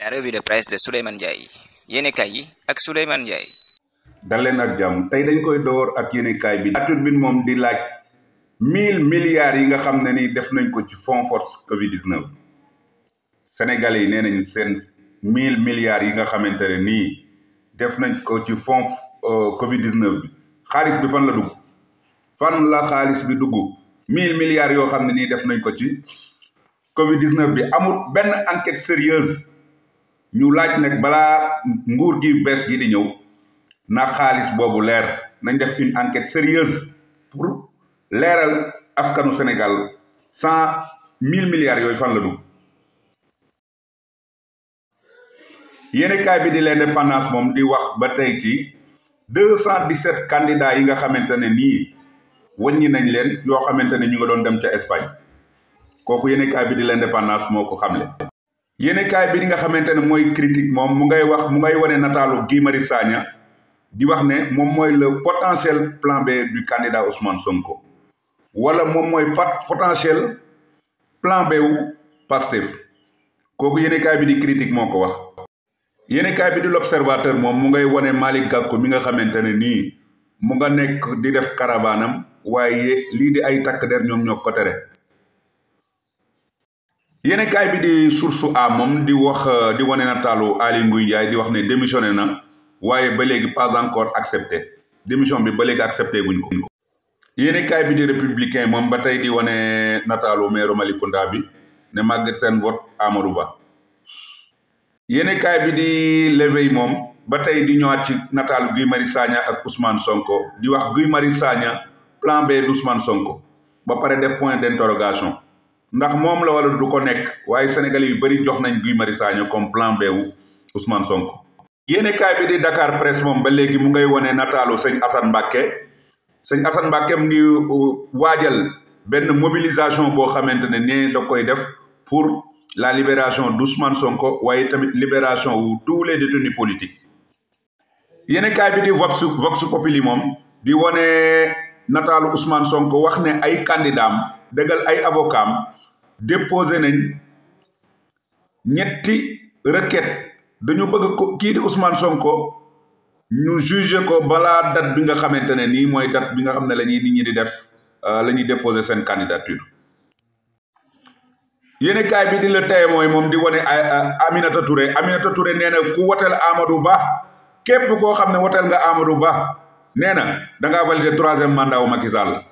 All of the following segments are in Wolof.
la revue de presse de Souleymane Ndiaye yéenekaay yi ak Souleymane Ndiaye. daleen leen ak jàmm tey dañ koy door ak yéenekaay bi. atul bi moom di laaj mille milliards yi nga xam ne ni def nañ ko ci fonds force Covid 19 yi nee nañ seen mille milliards yi nga xamante ne nii def nañ ko ci fonds euh, Covid 19 bi xaalis bi fan la dugg fan la xaalis bi dugg mille milliards yoo xam ne nii def nañ ko ci Covid 19 bi amul benn enquête sérieuse ñu laaj nag balaa nguur gi bees gi di ñëw na xaalis boobu leer nañ def une enquête sérieuse pour leeral askanu Sénégal cent mille milliards yooyu fan la dugg yéenekaay bi di l'indépendance moom di wax ba tey ci deux cent dix-sept candidats yi nga xamante ne nii wàññi nañ leen yoo xamante ne ñu nga doon dem ca Espagne kooku yéenekaay bi di l'indépendance moo ko xam xamle yéenekaay bi di nga xamante ne mooy critique moom mu ngay wax mu ngay wane nataalu Guy Marius Sagna di wax ne moom mooy le potentiel plan B du candidat Ousmane Sonko wala moom mooy pat potentiel plan B wu Pastef kooku yéenekaay bi di critique moo ko wax. yéenekaay bi di l'observateur moom mu ngay wane Malick Gakou mi nga xamante ne nii mu nga nekk di def karabaanam waaye lii di ay takk der ñoom ñoo ko tere yéenekaay bi di source a moom di wax euh, di wane nataalu ali Ngouille Ndiaye di wax ne démissionné na waaye ba léegi pas encore accepté démission bi ba léegi accepté guñ ko. yéenekaay bi di républicain moom ba tey di wane nataalu maire Malicounda bi ne Maguette seen vote Amadou Ba yéenekaay bi di l'éveil moom ba tey di ñëwaat ci nataal Guy mari Sagna ak Ousmane Sonko di wax Guy mari Sagna plan B d'Ousmane Sonko ba pare def point d'interrogation. ndax moom la wala du ko nekk waaye sénégalais yu bëri jox nañ Guy Marius Sagna comme plan B wu Ousmane Sonko. yéene kaay bi di Dakar Presse moom ba léegi mu ngay wone nataalu sëñ Assane Mbacke sëñ Assane Mbacke mu ngi uh, waajal benn mobilisation boo xamante ne nee da koy def pour la libération d'Ousmane Sonko waaye tamit libération wu tous les détenus politiques. yéene kaay bi di Vox Vox Populi moom di wone nataalu Ousmane Sonko wax ne ay candidatam dëggal ay avocatam déposé nañ ñetti requête dañu bëgg ko kii di Sonko ñu jugé ko balaa date bi nga xamante ne nii mooy date bi nga xam ne la ñuy nit ñi di def euh, lañuy ñuy déposé seen candidature yéen kaay bi di la tey mooy moom di wane Aminata Touré Aminata Touré nee na ku woteel Amadou Ba képp koo xam ne woteel nga Amadou Ba nee na da ngaa valider troisième mandat wu Macky Sall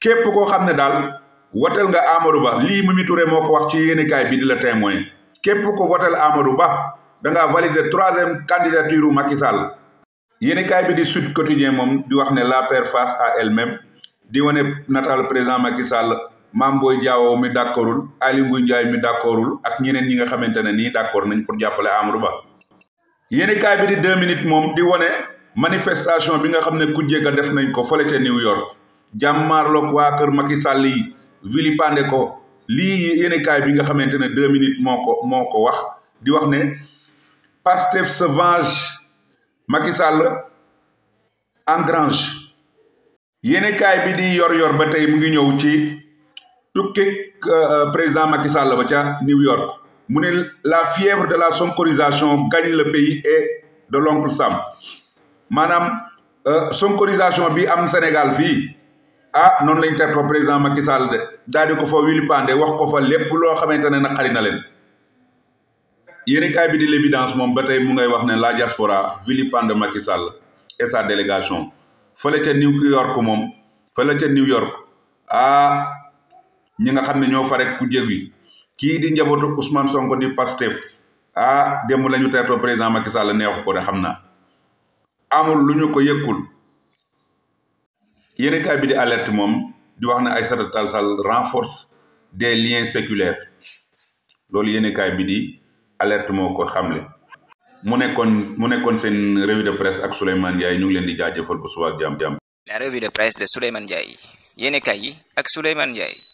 xam ne daal. wotel nga Amadou Ba lii Mimi Touré moo ko wax ci yéenekaay bi di la témoin képp ko wotel Amadou Ba da ngaa valider troisième candidature u Macky Sall yéenekaay bi di Sud Quotidien moom di wax ne la face à elle-même di wane nataal président Macky Sall Mame Boye Diao mi d'accordul Aly Ngouille Ndiaye mi d'accordul ak ñeneen ñi nga xamante ne nii d'accord nañ pour jàppale Amadou Ba yéenekaay bi di deux minutes moom di wane manifestation bi nga xam ne ku jégga def nañ ko fële ca New York jàmmaarloog waa kër Macky Sall vilipande ko lii yéenekaay bi nga xamante ne deux minutes moo ko moo ko wax di wax ne Pastef se venge Macky Sall engrange yéenekaay bi di yor yor ba tey mu ngi ñëw ci tukki euh, président Macky Sall ba ca New York mu ne la fièvre de la sonkorisation gagne le pays et de l'oncle Sam maanaam euh, sonkorisation bi am Sénégal fii ah noonu lañ tertoo président Macky Sall de daal di fa wilipande wax ko fa lépp loo xamante ne nag xari na leen yéen kaay bi di l'évidence moom ba tey mu ngay wax ne la diaspora vilipande Macky Sall et sa délégation fële ca New York moom fële ca New York a ah, ñi nga xam ne ñoo fa rek ku jég yi kii di njabootu Ousmane Sonko di Pastef ah démb la ñu teertoo président Macky Sall neexu ko de xam na amul lu ñu ko yëkkul yéen kaay bi di alerte moom di wax ne Aïssata Tall Sall renforce des liens séculaires loolu yéen kaay bi di alerte moo ko xamle. mu nekkoon mu nekkoon seen revue de presse ak Souleymane Ndiaye ñu ngi leen di jaajëfal bu suba ak jàmm jàmm. la revue de presse de Souleymane Ndiaye yéen kaay yi ak Souleymane Ndiaye.